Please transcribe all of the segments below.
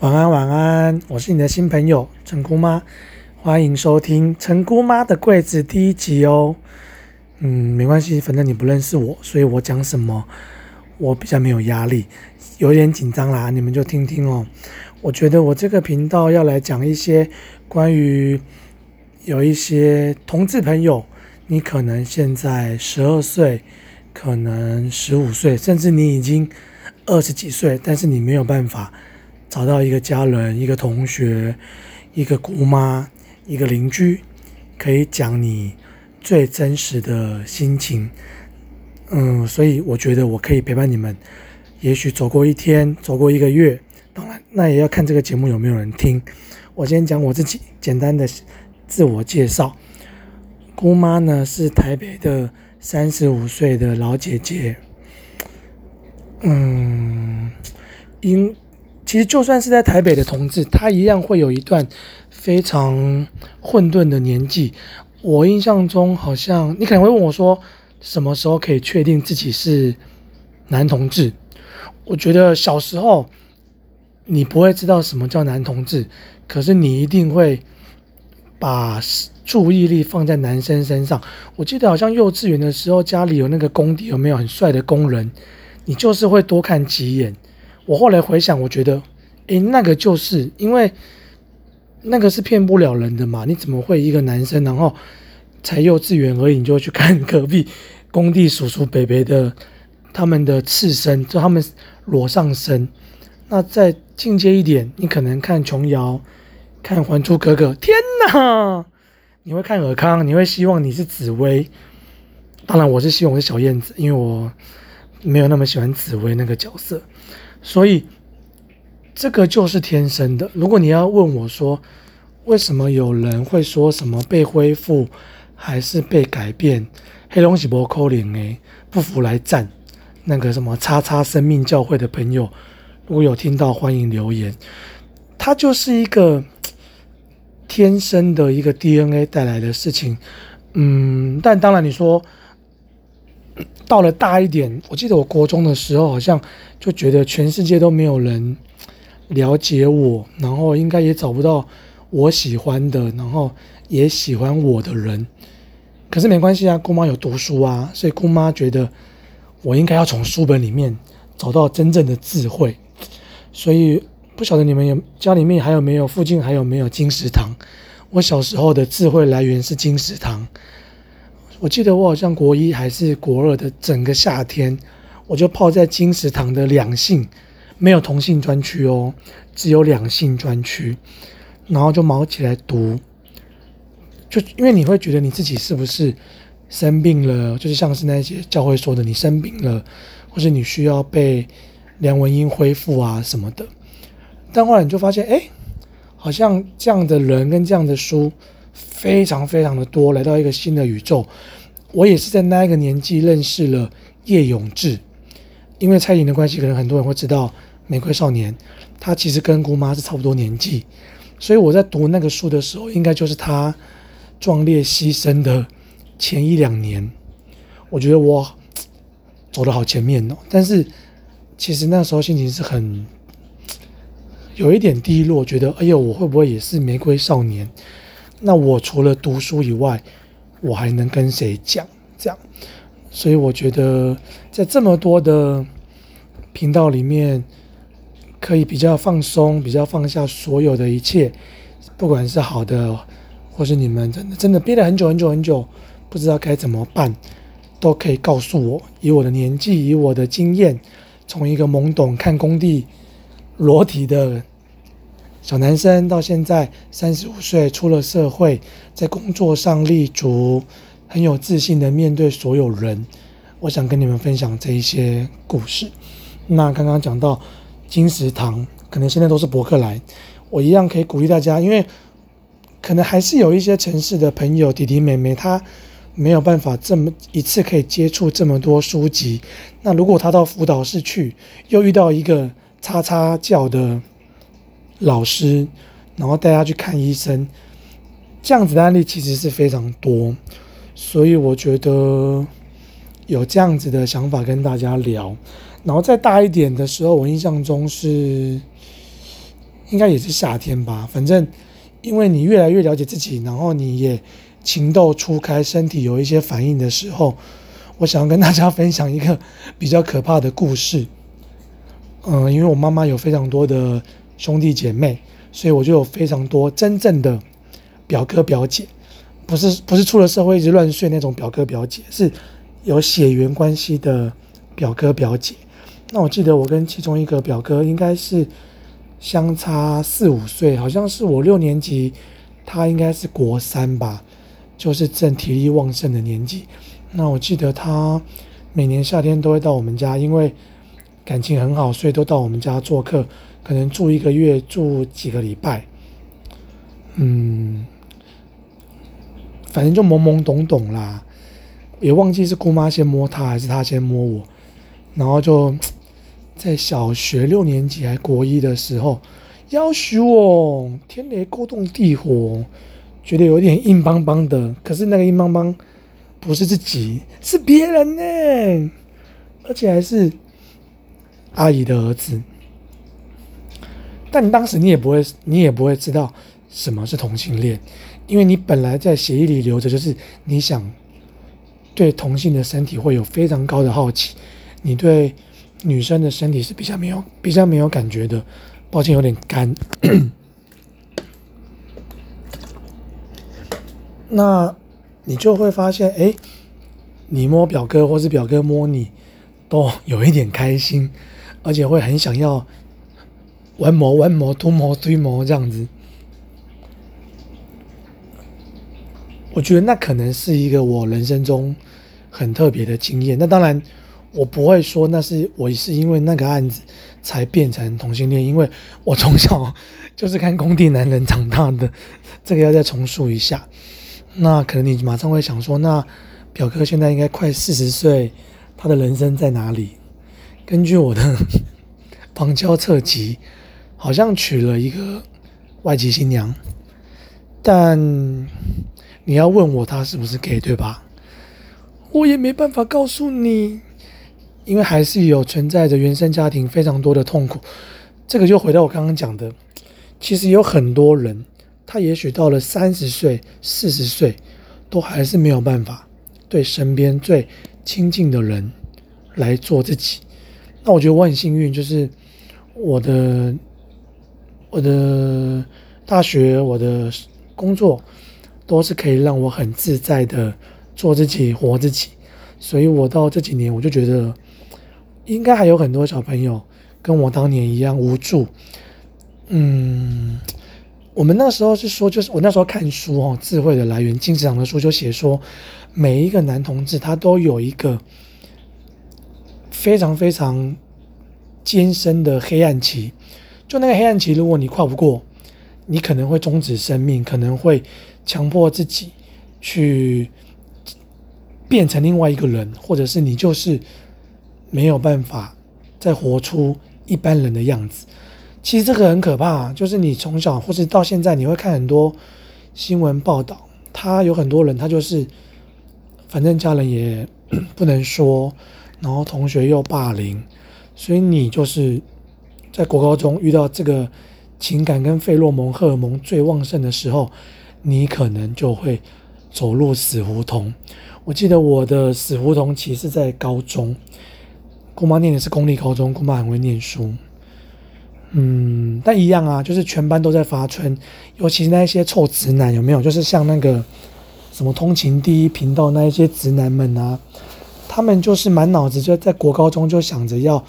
晚安，晚安，我是你的新朋友陳姑媽，歡迎收聽陳姑媽的櫃子第一集哦。嗯，沒關係，反正你不認識我，所以我講什麼我比較沒有壓力，有點緊張啦，你們就聽聽哦。我覺得我這個頻道要來講一些關於有一些同志朋友，你可能現在十二歲，可能十五歲，甚至你已經二十幾歲，但是你沒有辦法找到一個家人、一個同學、一個姑媽、一個鄰居，可以講你最真實的心情。嗯，所以我覺得我可以陪伴你們。也許走過一天，走過一個月，當然那也要看這個節目有沒有人聽。我先講我自己簡單的自我介紹。姑媽呢，是台北的三十五歲的老姐姐。嗯，因其實，就算是在台北的同志，他一樣會有一段非常混沌的年紀。我印象中，好像你可能會問我說，什麼時候可以確定自己是男同志？我覺得小時候你不會知道什麼叫男同志，可是你一定會把注意力放在男生身上。我記得好像幼稚園的時候，家裡有那個工地有沒有很帥的工人，你就是會多看幾眼。我後來回想，我覺得。哎、欸，那個就是因為那個是騙不了人的嘛，你怎麼會一個男生，然後才幼稚園而已，你就去看隔壁工地叔叔伯伯的他們的赤身，就他們裸上身。那再進階一點，你可能看瓊瑤，看《還珠格格》，天哪！你會看爾康，你會希望你是紫薇。當然，我是希望我是小燕子，因為我沒有那麼喜歡紫薇那個角色，所以。這個就是天生的。如果你要問我說，為什麼有人會說什麼被恢復還是被改變？黑龍喜波扣臉不服來戰！那個什麼叉叉生命教會的朋友，如果有聽到，歡迎留言。它就是一個天生的一個 DNA 帶來的事情。嗯，但當然你說，到了大一點，我記得我國中的時候，好像就覺得全世界都沒有人了解我，然後應該也找不到我喜歡的，然後也喜歡我的人。可是沒關係啊，姑媽有讀書啊，所以姑媽覺得我應該要從書本裡面找到真正的智慧。所以不曉得你們有家裡面還有沒有附近還有沒有金石堂？我小時候的智慧來源是金石堂。我記得我好像國一還是國二的整個夏天，我就泡在金石堂的兩性。沒有同性專區哦，只有兩性專區，然後就毛起來讀，就因為你會覺得你自己是不是生病了？就是像是那些教會說的，你生病了，或是你需要被梁文音恢復啊什麼的。但後來你就發現，哎，好像這樣的人跟這樣的書非常非常的多。來到一個新的宇宙，我也是在那一個年紀認識了葉永志，因為蔡依林的關係，可能很多人會知道。玫瑰少年，他其實跟姑媽是差不多年紀，所以我在讀那個書的時候，應該就是他壯烈犧牲的前一兩年。我覺得我走得好前面哦，但是其實那時候心情是很，有一點低落，覺得哎呦，我會不會也是玫瑰少年？那我除了讀書以外，我還能跟誰講？這樣，所以我覺得在這麼多的頻道裡面。可以比較放鬆，比較放下所有的一切，不管是好的，或是你們真的真的憋了很久很久很久，不知道該怎麼辦，都可以告訴我。以我的年紀，以我的經驗，從一個懵懂看工地裸體的小男生，到現在三十五歲出了社會，在工作上立足，很有自信地面對所有人。我想跟你們分享這一些故事。那剛剛講到。金石堂可能現在都是博客來，我一樣可以鼓勵大家，因為可能還是有一些城市的朋友弟弟妹妹，他沒有辦法這麼一次可以接觸這麼多書籍，那如果他到輔導室去，又遇到一個叉叉教的老師，然後帶他去看醫生，這樣子的案例其實是非常多，所以我覺得有這樣子的想法跟大家聊。然後再大一點的時候，我印象中是應該也是夏天吧，反正因為你越來越了解自己，然後你也情竇初開，身體有一些反應的時候，我想要跟大家分享一個比較可怕的故事。嗯，因為我媽媽有非常多的兄弟姐妹，所以我就有非常多真正的表哥表姐，不是不是出了社會一直亂睡那種表哥表姐，是有血緣關係的表哥表姐。那我記得我跟其中一個表哥應該是相差四五歲，好像是我六年級，他應該是國三吧，就是正體力旺盛的年紀。那我記得他每年夏天都會到我們家，因為感情很好，所以都到我們家做客，可能住一個月，住幾個禮拜。嗯，反正就懵懵懂懂啦，也忘記是姑媽先摸他，還是他先摸我，然後就。在小學六年級還國一的時候，要學我天雷勾動地火，覺得有點硬邦邦的。可是那個硬邦邦不是自己，是別人呢，而且還是阿姨的兒子。但當時你也不會，你也不會知道什麼是同性戀，因為你本來在血液裡流着，就是你想對同性的身體會有非常高的好奇，你對。女生的身體是比較沒有、比較沒有感覺的，抱歉有點乾。 那你就會發現，哎，你摸表哥或是表哥摸你，都有一點開心，而且會很想要玩摸、玩摸、偷摸、偷摸這樣子。我覺得那可能是一個我人生中很特別的經驗。那當然。我不會說那是我是因為那個案子才變成同性戀，因為我從小就是看工地男人長大的，這個要再重述一下。那可能你馬上會想說，那表哥現在應該快四十歲，他的人生在哪裡？根據我的旁 敲側擊，好像娶了一個外籍新娘，但你要問我他是不是 gay，對吧？我也沒辦法告訴你。因為還是有存在着原生家庭非常多的痛苦，這個就回到我剛剛講的，其實有很多人，他也許到了三十歲、四十歲，都還是沒有辦法對身邊最親近的人來做自己。那我覺得我很幸運，就是我的我的大學、我的工作，都是可以讓我很自在的做自己、活自己。所以，我到這幾年，我就覺得。應該還有很多小朋友跟我當年一樣無助。嗯，我們那時候是說，就是我那時候看書哦，《智慧的來源》金池長的書就寫說，每一個男同志他都有一個非常非常艱深的黑暗期。就那個黑暗期，如果你跨不過，你可能會終止生命，可能會強迫自己去變成另外一個人，或者是你就是。沒有辦法再活出一般人的樣子，其實這個很可怕。就是你從小，或是到現在，你會看很多新聞報道，他有很多人，他就是反正家人也不能說，然後同學又霸凌，所以你就是在國高中遇到這個情感跟費洛蒙、荷爾蒙最旺盛的時候，你可能就會走入死胡同。我記得我的死胡同其實在高中。姑媽念的是公立高中，姑媽很會念書，嗯，但一樣啊，就是全班都在發春，尤其是那些臭直男，有沒有？就是像那個什麼通勤第一頻道那一些直男們啊，他們就是滿腦子就在國高中就想着要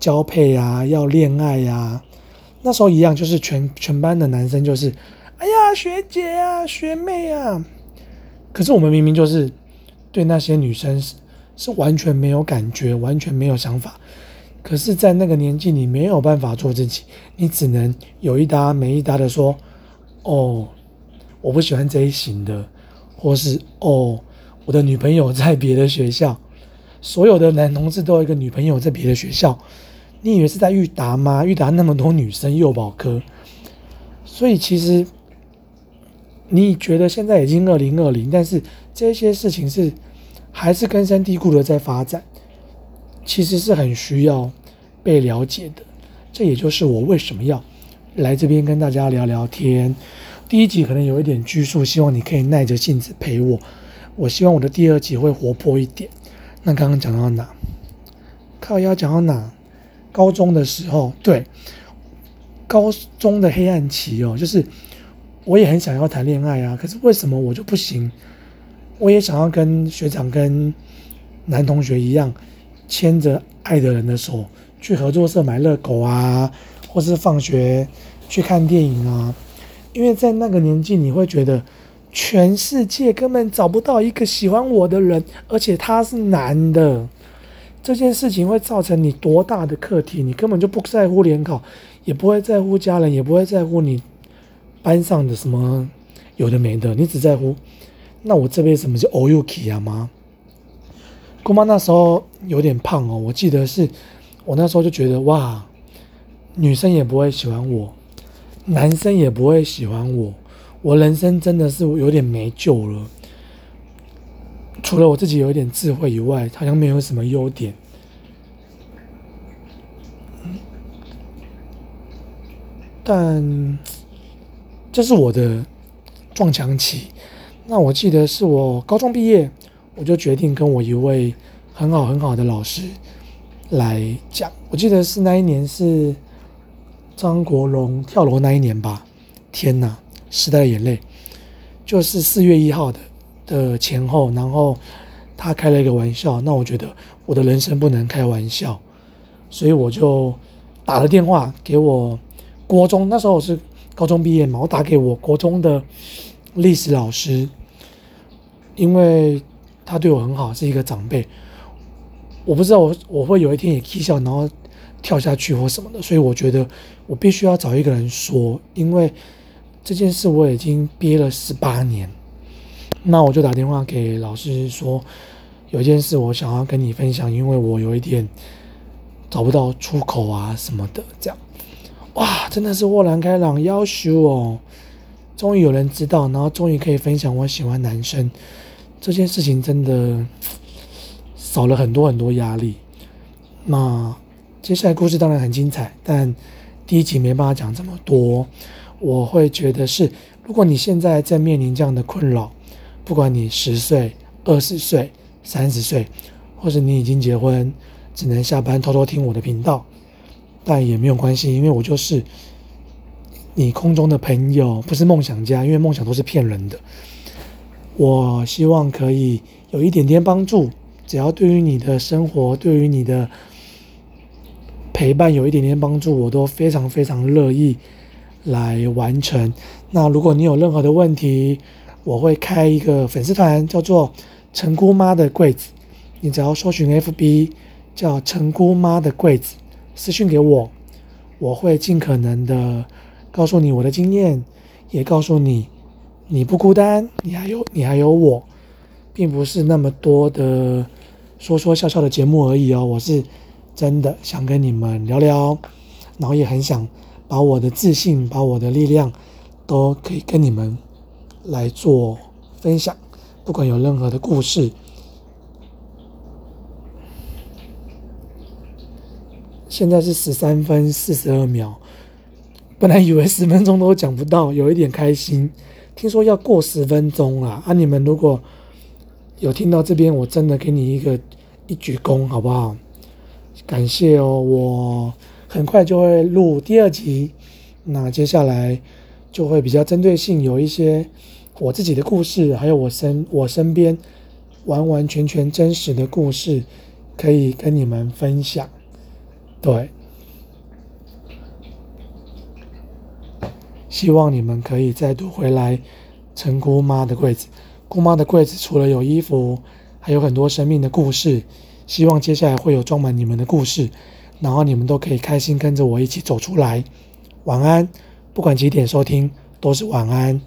交配啊，要戀愛呀。那時候一樣，就是全全班的男生就是，哎呀學姐啊，學妹啊，可是我們明明就是對那些女生。是完全沒有感覺，完全沒有想法。可是，在那個年紀你沒有辦法做自己，你只能有一搭沒一搭的說：“哦，我不喜歡這一型的，或是哦，我的女朋友在別的學校，所有的男同志都有一個女朋友在別的學校。”你以為是在育達嗎？育達那麼多女生幼保科，所以其實你覺得現在已經二零二零，但是這些事情是，還是根深蒂固的在發展，其實是很需要被了解的。這也就是我為什麼要來這邊跟大家聊聊天。第一集可能有一點拘束，希望你可以耐着性子陪我。我希望我的第二集會活潑一點。那剛剛講到哪？靠，要講到哪？高中的時候，對，高中的黑暗期哦，就是我也很想要談戀愛啊，可是為什麼我就不行？我也想要跟學長、跟男同學一樣，牽着愛的人的手去合作社買熱狗啊，或是放學去看電影啊。因為在那個年紀，你會覺得全世界根本找不到一個喜歡我的人，而且他是男的。這件事情會造成你多大的課題？你根本就不在乎聯考，也不會在乎家人，也不會在乎你班上的什麼有的沒的，你只在乎。那我這邊什麼是偶又奇啊？媽，姑媽那時候有點胖哦。我記得是，我那時候就覺得哇，女生也不會喜歡我，男生也不會喜歡我，我人生真的是有點沒救了。除了我自己有一點智慧以外，好像沒有什麼優點。但這是我的撞牆期。那我記得是我高中畢業，我就決定跟我一位很好很好的老師來講。我記得是那一年是張國榮跳樓那一年吧？天吶，時代的眼淚，就是四月一號的的前後。然後他開了一個玩笑，那我覺得我的人生不能開玩笑，所以我就打了電話給我國中，那時候我是高中畢業嘛，我打給我國中的。歷史老師，因為他對我很好，是一個長輩。我不知道我我會有一天也氣笑，然後跳下去或什麼的，所以我覺得我必須要找一個人說，因為這件事我已經憋了十八年。那我就打電話給老師說，有一件事我想要跟你分享，因為我有一點找不到出口啊什麼的，這樣。哇，真的是豁然開朗，要求哦。終於有人知道，然後終於可以分享我喜歡男生這件事情，真的少了很多很多壓力。那接下來故事當然很精彩，但第一集沒辦法講這麼多。我會覺得是，如果你現在正面臨這樣的困擾，不管你十歲、二十歲、三十歲，或是你已經結婚，只能下班偷偷聽我的頻道，但也沒有關係，因為我就是。你空中的朋友不是夢想家，因為夢想都是騙人的。我希望可以有一點點幫助，只要對於你的生活、對於你的陪伴有一點點幫助，我都非常非常樂意來完成。那如果你有任何的問題，我會開一個粉絲團，叫做“陳姑媽的櫃子”，你只要搜尋 FB 叫“陳姑媽的櫃子”，私訊給我，我會盡可能的。告訴你我的經驗，也告訴你，你不孤單，你還有你還有我，並不是那麼多的說說笑笑的節目而已哦，我是真的想跟你們聊聊，然後也很想把我的自信，把我的力量都可以跟你們來做分享，不管有任何的故事。現在是十三分四十二秒。本來以為十分鐘都講不到，有一點開心。聽說要過十分鐘啦，啊！你們如果有聽到這邊，我真的給你一個一鞠躬，好不好？感謝哦，我很快就會錄第二集。那接下來就會比較針對性，有一些我自己的故事，還有我身我身邊完完全全真實的故事，可以跟你們分享。對。希望你們可以再度回來陳姑媽的櫃子，姑媽的櫃子除了有衣服，還有很多生命的故事。希望接下來會有裝滿你們的故事，然後你們都可以開心跟着我一起走出來。晚安，不管幾點收聽，都是晚安。